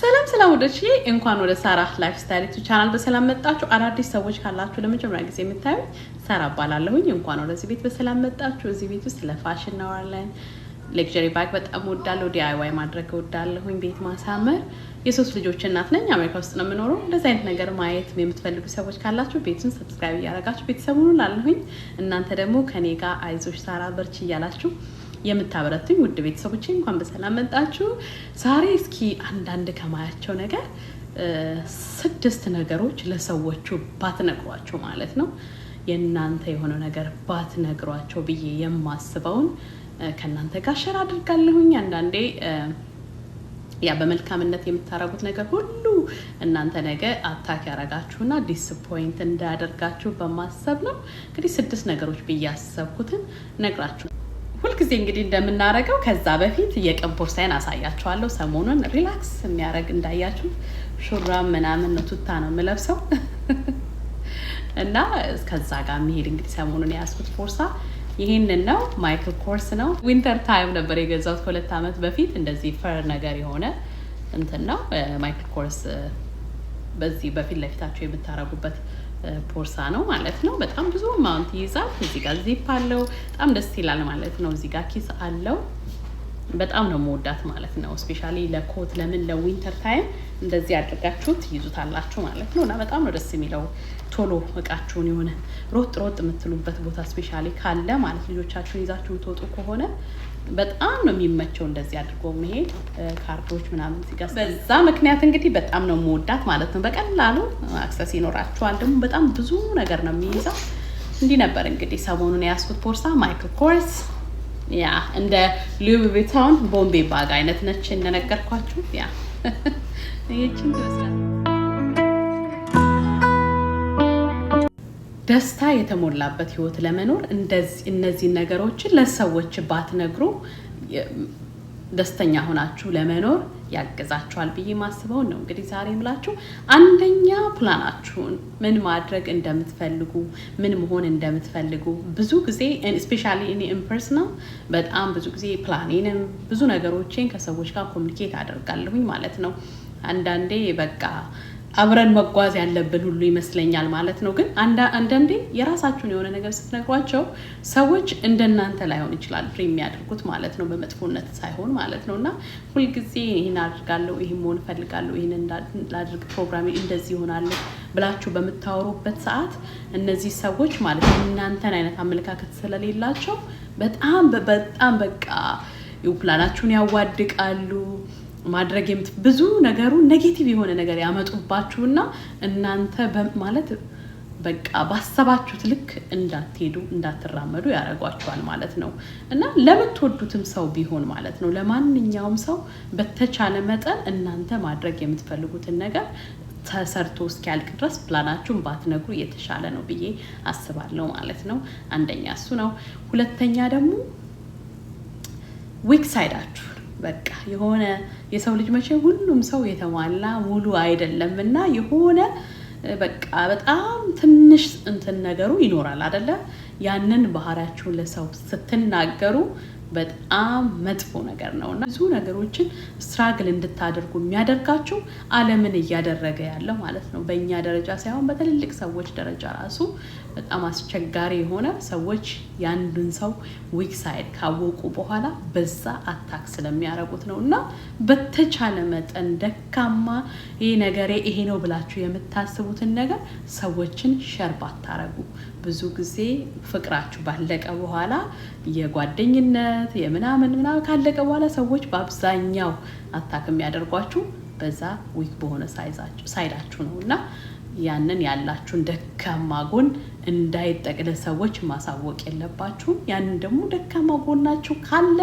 ሰላም ሰላም ወደች እንኳን ወደ ሳራ ላይፍ ስታይል ቱ ቻናል በሰላም መጣችሁ። አዳዲስ ሰዎች ካላችሁ ለመጀመሪያ ጊዜ የምታዩኝ ሳራ እባላለሁኝ። እንኳን ወደዚህ ቤት በሰላም መጣችሁ። እዚህ ቤት ውስጥ ለፋሽን እናወራለን። ሌክጀሪ ባግ በጣም ወዳለሁ። ዲአይዋይ ማድረግ ወዳለሁኝ። ቤት ማሳመር። የሶስት ልጆች እናት ነኝ። አሜሪካ ውስጥ ነው የምኖረው። እንደዚህ አይነት ነገር ማየት የምትፈልጉ ሰዎች ካላችሁ ቤቱን ሰብስክራይብ እያደረጋችሁ ቤተሰቡን ላለሁኝ። እናንተ ደግሞ ከኔ ጋር ሳራ በርች እያላችሁ የምታበረቱኝ ውድ ቤተሰቦቼ እንኳን በሰላም መጣችሁ። ዛሬ እስኪ አንዳንድ ከማያቸው ነገር ስድስት ነገሮች ለሰዎቹ ባትነግሯቸው ማለት ነው የእናንተ የሆነው ነገር ባትነግሯቸው ብዬ የማስበውን ከእናንተ ጋር ሸር አድርጋለሁኝ። አንዳንዴ ያ በመልካምነት የምታረጉት ነገር ሁሉ እናንተ ነገ አታክ ያረጋችሁና ዲስፖይንት እንዳያደርጋችሁ በማሰብ ነው እንግዲህ ስድስት ነገሮች ብዬ ያሰብኩትን ነግራችሁ ሁልጊዜ እንግዲህ እንደምናረገው ከዛ በፊት የቅብ ቦርሳይን አሳያችኋለሁ። ሰሞኑን ሪላክስ የሚያደርግ እንዳያችሁ ሹራብ ምናምን ነው ቱታ ነው የምለብሰው እና ከዛ ጋር የሚሄድ እንግዲህ ሰሞኑን የያዝኩት ቦርሳ ይህንን ነው። ማይክል ኮርስ ነው። ዊንተር ታይም ነበር የገዛሁት ከሁለት ዓመት በፊት እንደዚህ ፈር ነገር የሆነ እንትን ነው ማይክል ኮርስ በዚህ በፊት ለፊታቸው የምታረጉበት ቦርሳ ነው ማለት ነው። በጣም ብዙ ማውንት ይይዛል። እዚህ ጋር ዚፕ አለው። በጣም ደስ ይላል ማለት ነው። እዚህ ጋር ኪስ አለው። በጣም ነው መወዳት ማለት ነው። እስፔሻሊ ለኮት ለምን ለዊንተር ታይም እንደዚህ አድርጋችሁ ትይዙታላችሁ ማለት ነው እና በጣም ነው ደስ የሚለው። ቶሎ እቃችሁን የሆነ ሮጥ ሮጥ የምትሉበት ቦታ እስፔሻሊ ካለ ማለት ልጆቻችሁን ይዛችሁ ትወጡ ከሆነ በጣም ነው የሚመቸው እንደዚህ አድርጎ መሄድ ካርዶች ምናምን ሲገ በዛ ምክንያት እንግዲህ በጣም ነው መወዳት ማለት ነው። በቀላሉ አክሰስ ይኖራቸዋል። ደግሞ በጣም ብዙ ነገር ነው የሚይዘው። እንዲህ ነበር እንግዲህ ሰሞኑን የያዝኩት ቦርሳ ማይክል ኮርስ ያ እንደ ሉዊ ቦምቤ ባግ አይነት ነች እንደነገርኳችሁ ያ ይችን ይመስላል። ደስታ የተሞላበት ህይወት ለመኖር እነዚህ ነገሮችን ለሰዎች ባትነግሩ ደስተኛ ሆናችሁ ለመኖር ያግዛችኋል ብዬ ማስበውን ነው እንግዲህ ዛሬ የምላችሁ። አንደኛ ፕላናችሁን ምን ማድረግ እንደምትፈልጉ ምን መሆን እንደምትፈልጉ ብዙ ጊዜ ስፔሻሊ እኔ ኢምፐርሰናል በጣም ብዙ ጊዜ ፕላኔንም ብዙ ነገሮቼን ከሰዎች ጋር ኮሚኒኬት አደርጋለሁኝ ማለት ነው። አንዳንዴ በቃ አብረን መጓዝ ያለብን ሁሉ ይመስለኛል ማለት ነው። ግን አንዳንዴ የራሳችሁን የሆነ ነገር ስትነግሯቸው ሰዎች እንደናንተ ላይሆን ይችላል ፍሬ የሚያደርጉት ማለት ነው፣ በመጥፎነት ሳይሆን ማለት ነው። እና ሁልጊዜ ይህን አድርጋለሁ፣ ይህን መሆን እፈልጋለሁ፣ ይህን ላድርግ፣ ፕሮግራሚ እንደዚህ ይሆናለሁ ብላችሁ በምታወሩበት ሰዓት እነዚህ ሰዎች ማለት ነው እናንተን አይነት አመለካከት ስለሌላቸው በጣም በጣም በቃ ፕላናችሁን ያዋድቃሉ ማድረግ የምት ብዙ ነገሩ ኔጌቲቭ የሆነ ነገር ያመጡባችሁና እናንተ ማለት በቃ ባሰባችሁት ልክ እንዳትሄዱ እንዳትራመዱ ያደርጓችኋል ማለት ነው። እና ለምትወዱትም ሰው ቢሆን ማለት ነው ለማንኛውም ሰው በተቻለ መጠን እናንተ ማድረግ የምትፈልጉትን ነገር ተሰርቶ እስኪያልቅ ድረስ ፕላናችሁን ባትነግሩ የተሻለ ነው ብዬ አስባለሁ ማለት ነው። አንደኛ እሱ ነው። ሁለተኛ ደግሞ ዊክ ሳይዳችሁ በቃ የሆነ የሰው ልጅ መቼ ሁሉም ሰው የተሟላ ሙሉ አይደለም እና የሆነ በቃ በጣም ትንሽ እንትን ነገሩ ይኖራል አይደለም። ያንን ባህሪያችሁን ለሰው ስትናገሩ በጣም መጥፎ ነገር ነው እና ብዙ ነገሮችን ስትራግል እንድታደርጉ የሚያደርጋችሁ ዓለምን እያደረገ ያለ ማለት ነው። በእኛ ደረጃ ሳይሆን በትልልቅ ሰዎች ደረጃ ራሱ በጣም አስቸጋሪ የሆነ ሰዎች የአንድን ሰው ዊክ ሳይድ ካወቁ በኋላ በዛ አታክ ስለሚያደርጉት ነው። እና በተቻለ መጠን ደካማ ይህ ነገሬ ይሄ ነው ብላችሁ የምታስቡትን ነገር ሰዎችን ሸር ባታረጉ። ብዙ ጊዜ ፍቅራችሁ ባለቀ በኋላ የጓደኝነት የምናምን ምናምን ካለቀ በኋላ ሰዎች በአብዛኛው አታክ የሚያደርጓችሁ በዛ ዊክ በሆነ ሳይዳችሁ ነው እና ያንን ያላችሁን ደካማ ጎን እንዳይጠቅለ ሰዎች ማሳወቅ የለባችሁም። ያንን ደግሞ ደካማ ጎናችሁ ካለ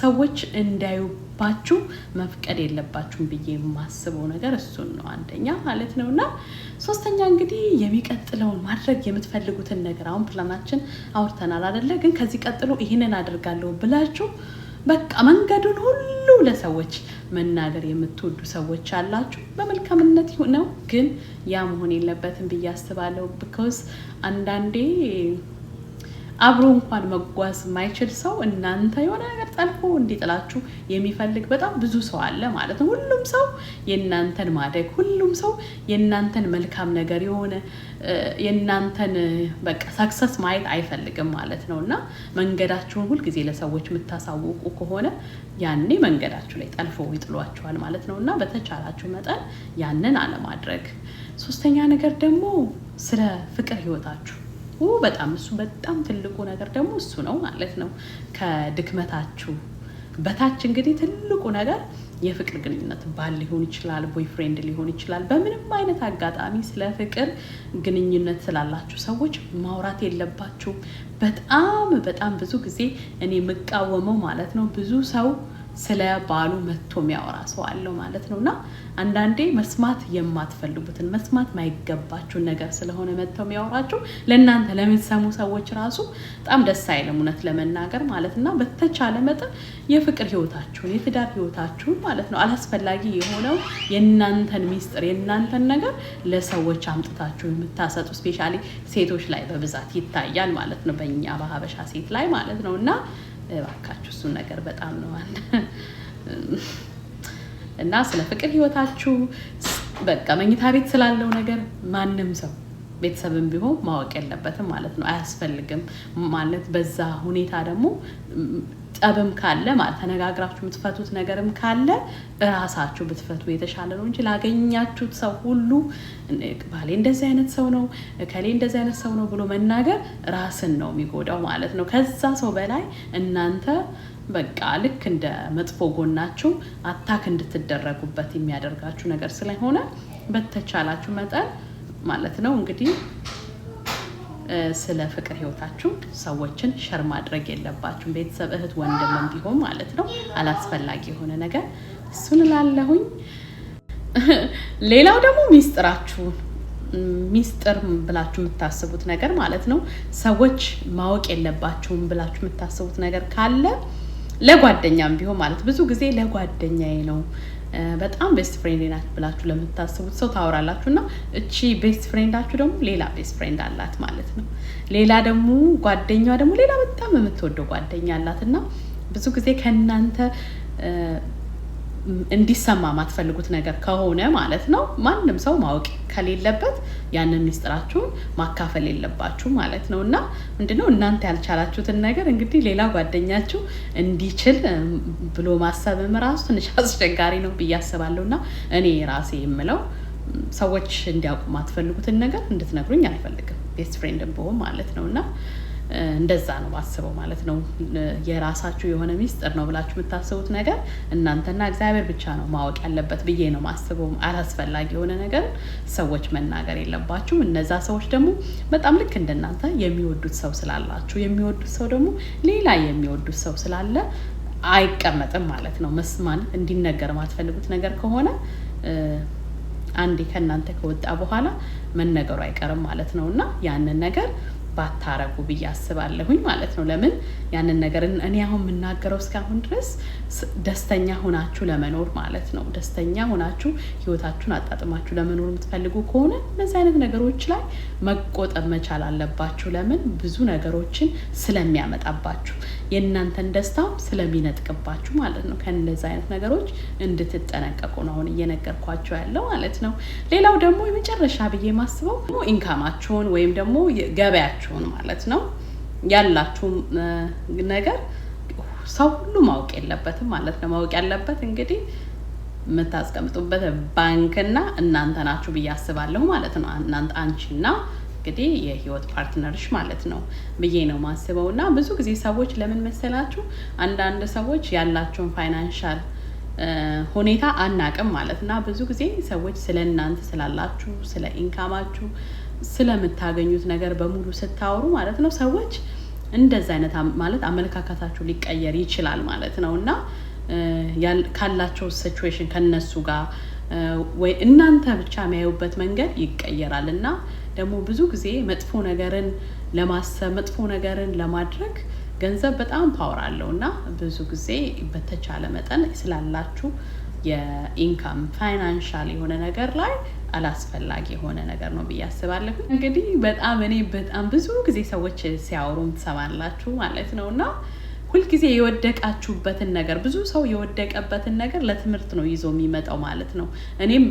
ሰዎች እንዳዩባችሁ መፍቀድ የለባችሁም ብዬ የማስበው ነገር እሱን ነው አንደኛ ማለት ነው። እና ሶስተኛ እንግዲህ የሚቀጥለውን ማድረግ የምትፈልጉትን ነገር አሁን ፕላናችን አውርተናል አደለ? ግን ከዚህ ቀጥሎ ይህንን አድርጋለሁ ብላችሁ በቃ መንገዱን ሁሉ ለሰዎች መናገር የምትወዱ ሰዎች አላችሁ። በመልካምነት ነው፣ ግን ያ መሆን የለበትም ብዬ አስባለሁ። አንዳንዴ አብሮ እንኳን መጓዝ የማይችል ሰው እናንተ የሆነ ነገር ጠልፎ እንዲጥላችሁ የሚፈልግ በጣም ብዙ ሰው አለ ማለት ነው። ሁሉም ሰው የእናንተን ማደግ፣ ሁሉም ሰው የእናንተን መልካም ነገር የሆነ የእናንተን በቃ ሰክሰስ ማየት አይፈልግም ማለት ነው እና መንገዳችሁን ሁልጊዜ ለሰዎች የምታሳውቁ ከሆነ ያኔ መንገዳችሁ ላይ ጠልፎ ይጥሏችኋል ማለት ነው እና በተቻላችሁ መጠን ያንን አለማድረግ። ሶስተኛ ነገር ደግሞ ስለ ፍቅር ህይወታችሁ በጣም እሱ በጣም ትልቁ ነገር ደግሞ እሱ ነው ማለት ነው። ከድክመታችሁ በታች እንግዲህ ትልቁ ነገር የፍቅር ግንኙነት ባል ሊሆን ይችላል፣ ቦይፍሬንድ ሊሆን ይችላል። በምንም አይነት አጋጣሚ ስለ ፍቅር ግንኙነት ስላላችሁ ሰዎች ማውራት የለባችሁም። በጣም በጣም ብዙ ጊዜ እኔ የምቃወመው ማለት ነው ብዙ ሰው ስለ ባሉ መጥቶ የሚያወራ ሰው አለው ማለት ነው። እና አንዳንዴ መስማት የማትፈልጉትን መስማት ማይገባችሁን ነገር ስለሆነ መጥተው የሚያወራችሁ ለእናንተ ለምትሰሙ ሰዎች ራሱ በጣም ደስ አይልም፣ እውነት ለመናገር ማለት እና በተቻለ መጠን የፍቅር ህይወታችሁን የትዳር ህይወታችሁን ማለት ነው አላስፈላጊ የሆነው የእናንተን ሚስጥር የእናንተን ነገር ለሰዎች አምጥታችሁ የምታሰጡ ስፔሻሊ ሴቶች ላይ በብዛት ይታያል ማለት ነው፣ በእኛ በሀበሻ ሴት ላይ ማለት ነው እና እባካችሁ እሱን ነገር በጣም ነው እና ስለ ፍቅር ህይወታችሁ በቃ መኝታ ቤት ስላለው ነገር ማንም ሰው ቤተሰብም ቢሆን ማወቅ የለበትም ማለት ነው። አያስፈልግም ማለት በዛ ሁኔታ ደግሞ ጠብም ካለ ማለት ተነጋግራችሁ የምትፈቱት ነገርም ካለ እራሳችሁ ብትፈቱ የተሻለ ነው እንጂ ላገኛችሁት ሰው ሁሉ ባሌ እንደዚህ አይነት ሰው ነው፣ ከሌ እንደዚህ አይነት ሰው ነው ብሎ መናገር ራስን ነው የሚጎዳው ማለት ነው። ከዛ ሰው በላይ እናንተ በቃ ልክ እንደ መጥፎ ጎናችሁ አታክ እንድትደረጉበት የሚያደርጋችሁ ነገር ስለሆነ በተቻላችሁ መጠን ማለት ነው እንግዲህ ስለ ፍቅር ህይወታችሁ ሰዎችን ሸር ማድረግ የለባችሁም። ቤተሰብ፣ እህት፣ ወንድም ቢሆን ማለት ነው አላስፈላጊ የሆነ ነገር እሱን ላለሁኝ። ሌላው ደግሞ ሚስጥራችሁ ሚስጥር ብላችሁ የምታስቡት ነገር ማለት ነው ሰዎች ማወቅ የለባቸውም ብላችሁ የምታስቡት ነገር ካለ ለጓደኛም ቢሆን ማለት ብዙ ጊዜ ለጓደኛዬ ነው በጣም ቤስት ፍሬንድ ናት ብላችሁ ለምታስቡት ሰው ታወራላችሁ እና እቺ ቤስት ፍሬንዳችሁ ደግሞ ሌላ ቤስት ፍሬንድ አላት ማለት ነው። ሌላ ደግሞ ጓደኛዋ ደግሞ ሌላ በጣም የምትወደው ጓደኛ አላት እና ብዙ ጊዜ ከእናንተ እንዲሰማ ማትፈልጉት ነገር ከሆነ ማለት ነው ማንም ሰው ማወቅ ከሌለበት ያንን ሚስጥራችሁን ማካፈል የለባችሁ ማለት ነው። እና ምንድነው እናንተ ያልቻላችሁትን ነገር እንግዲህ ሌላ ጓደኛችሁ እንዲችል ብሎ ማሰብም ራሱ ትንሽ አስቸጋሪ ነው ብዬ አስባለሁ። እና እኔ ራሴ የምለው ሰዎች እንዲያውቁ ማትፈልጉትን ነገር እንድትነግሩኝ አልፈልግም፣ ቤስት ፍሬንድ ብሆን ማለት ነው እና እንደዛ ነው ማስበው ማለት ነው። የራሳችሁ የሆነ ሚስጥር ነው ብላችሁ የምታስቡት ነገር እናንተና እግዚአብሔር ብቻ ነው ማወቅ ያለበት ብዬ ነው ማስበው። አላስፈላጊ የሆነ ነገር ሰዎች መናገር የለባችሁም። እነዛ ሰዎች ደግሞ በጣም ልክ እንደናንተ የሚወዱት ሰው ስላላችሁ የሚወዱት ሰው ደግሞ ሌላ የሚወዱት ሰው ስላለ አይቀመጥም ማለት ነው። መስማን እንዲነገር የማትፈልጉት ነገር ከሆነ አንዴ ከእናንተ ከወጣ በኋላ መነገሩ አይቀርም ማለት ነው እና ያንን ነገር ባታረጉ ብዬ አስባለሁኝ ማለት ነው። ለምን ያንን ነገር እኔ አሁን የምናገረው እስካሁን ድረስ ደስተኛ ሆናችሁ ለመኖር ማለት ነው። ደስተኛ ሆናችሁ ህይወታችሁን አጣጥማችሁ ለመኖር የምትፈልጉ ከሆነ እነዚህ አይነት ነገሮች ላይ መቆጠብ መቻል አለባችሁ። ለምን ብዙ ነገሮችን ስለሚያመጣባችሁ የእናንተን ደስታም ስለሚነጥቅባችሁ ማለት ነው። ከእነዚህ አይነት ነገሮች እንድትጠነቀቁ ነው አሁን እየነገርኳቸው ያለው ማለት ነው። ሌላው ደግሞ የመጨረሻ ብዬ የማስበው ኢንካማችሁን ወይም ደግሞ ገበያ ያላችሁን ማለት ነው ያላችሁም ነገር ሰው ሁሉ ማወቅ የለበትም ማለት ነው። ማወቅ ያለበት እንግዲህ የምታስቀምጡበት ባንክና እናንተ ናችሁ ብዬ አስባለሁ ማለት ነው። እናንተ አንቺና እንግዲህ የህይወት ፓርትነርሽ ማለት ነው ብዬ ነው ማስበው። እና ብዙ ጊዜ ሰዎች ለምን መሰላችሁ አንዳንድ ሰዎች ያላቸውን ፋይናንሻል ሁኔታ አናቅም ማለት እና ብዙ ጊዜ ሰዎች ስለ እናንተ ስላላችሁ ስለ ኢንካማችሁ ስለምታገኙት ነገር በሙሉ ስታወሩ ማለት ነው ሰዎች እንደዛ አይነት ማለት አመለካከታቸው ሊቀየር ይችላል ማለት ነው እና ካላቸው ሲቹዌሽን ከነሱ ጋር ወይ እናንተ ብቻ የሚያዩበት መንገድ ይቀየራል እና ደግሞ ብዙ ጊዜ መጥፎ ነገርን ለማሰብ መጥፎ ነገርን ለማድረግ ገንዘብ በጣም ፓወር አለው እና ብዙ ጊዜ በተቻለ መጠን ስላላችሁ የኢንካም ፋይናንሻል የሆነ ነገር ላይ አላስፈላጊ የሆነ ነገር ነው ብዬ አስባለሁ። እንግዲህ በጣም እኔ በጣም ብዙ ጊዜ ሰዎች ሲያወሩም ትሰማላችሁ ማለት ነው እና ሁልጊዜ የወደቃችሁበትን ነገር ብዙ ሰው የወደቀበትን ነገር ለትምህርት ነው ይዞ የሚመጣው ማለት ነው። እኔም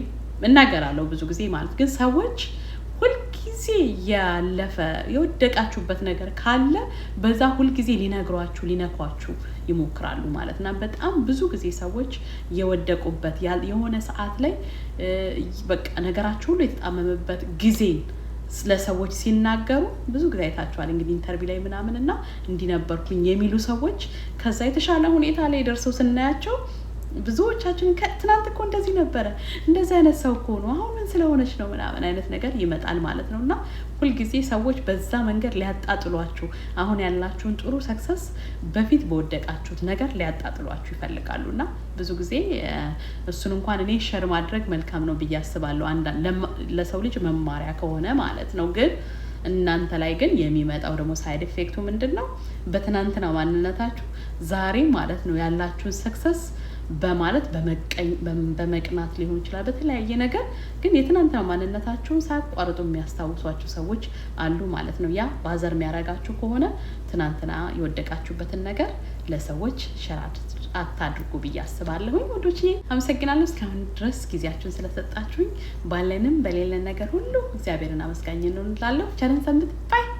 እናገራለሁ ብዙ ጊዜ ማለት ግን ሰዎች ሁልጊዜ ያለፈ የወደቃችሁበት ነገር ካለ በዛ ሁልጊዜ ሊነግሯችሁ ሊነኳችሁ ይሞክራሉ ማለት እና በጣም ብዙ ጊዜ ሰዎች የወደቁበት የሆነ ሰዓት ላይ በቃ ነገራቸው ሁሉ የተጣመመበት ጊዜን ለሰዎች ሲናገሩ ብዙ ጊዜ አይታችኋል። እንግዲህ ኢንተርቪው ላይ ምናምን እና እንዲነበርኩኝ የሚሉ ሰዎች ከዛ የተሻለ ሁኔታ ላይ ደርሰው ስናያቸው ብዙዎቻችን ትናንት እኮ እንደዚህ ነበረ፣ እንደዚህ አይነት ሰው እኮ ነው፣ አሁን ምን ስለሆነች ነው ምናምን አይነት ነገር ይመጣል ማለት ነው። እና ሁልጊዜ ሰዎች በዛ መንገድ ሊያጣጥሏችሁ፣ አሁን ያላችሁን ጥሩ ሰክሰስ በፊት በወደቃችሁት ነገር ሊያጣጥሏችሁ ይፈልጋሉ። እና ብዙ ጊዜ እሱን እንኳን እኔ ሸር ማድረግ መልካም ነው ብዬ አስባለሁ፣ ለሰው ልጅ መማሪያ ከሆነ ማለት ነው ግን እናንተ ላይ ግን የሚመጣው ደግሞ ሳይድ ኢፌክቱ ምንድን ነው? በትናንትና ማንነታችሁ ዛሬ ማለት ነው ያላችሁን ሰክሰስ በማለት በመቅናት ሊሆን ይችላል። በተለያየ ነገር ግን የትናንትና ማንነታችሁን ሳያቋርጡ የሚያስታውሷቸው ሰዎች አሉ ማለት ነው። ያ ባዘር የሚያደርጋችሁ ከሆነ ትናንትና የወደቃችሁበትን ነገር ለሰዎች ሸራድ አታድርጉ ብዬ አስባለሁኝ። ወዶች አመሰግናለሁ። እስካሁን ድረስ ጊዜያችሁን ስለሰጣችሁኝ ባለንም በሌለን ነገር ሁሉ እግዚአብሔርን አመስጋኝ እንሆንላለሁ። ቸርን ሰንብት ባይ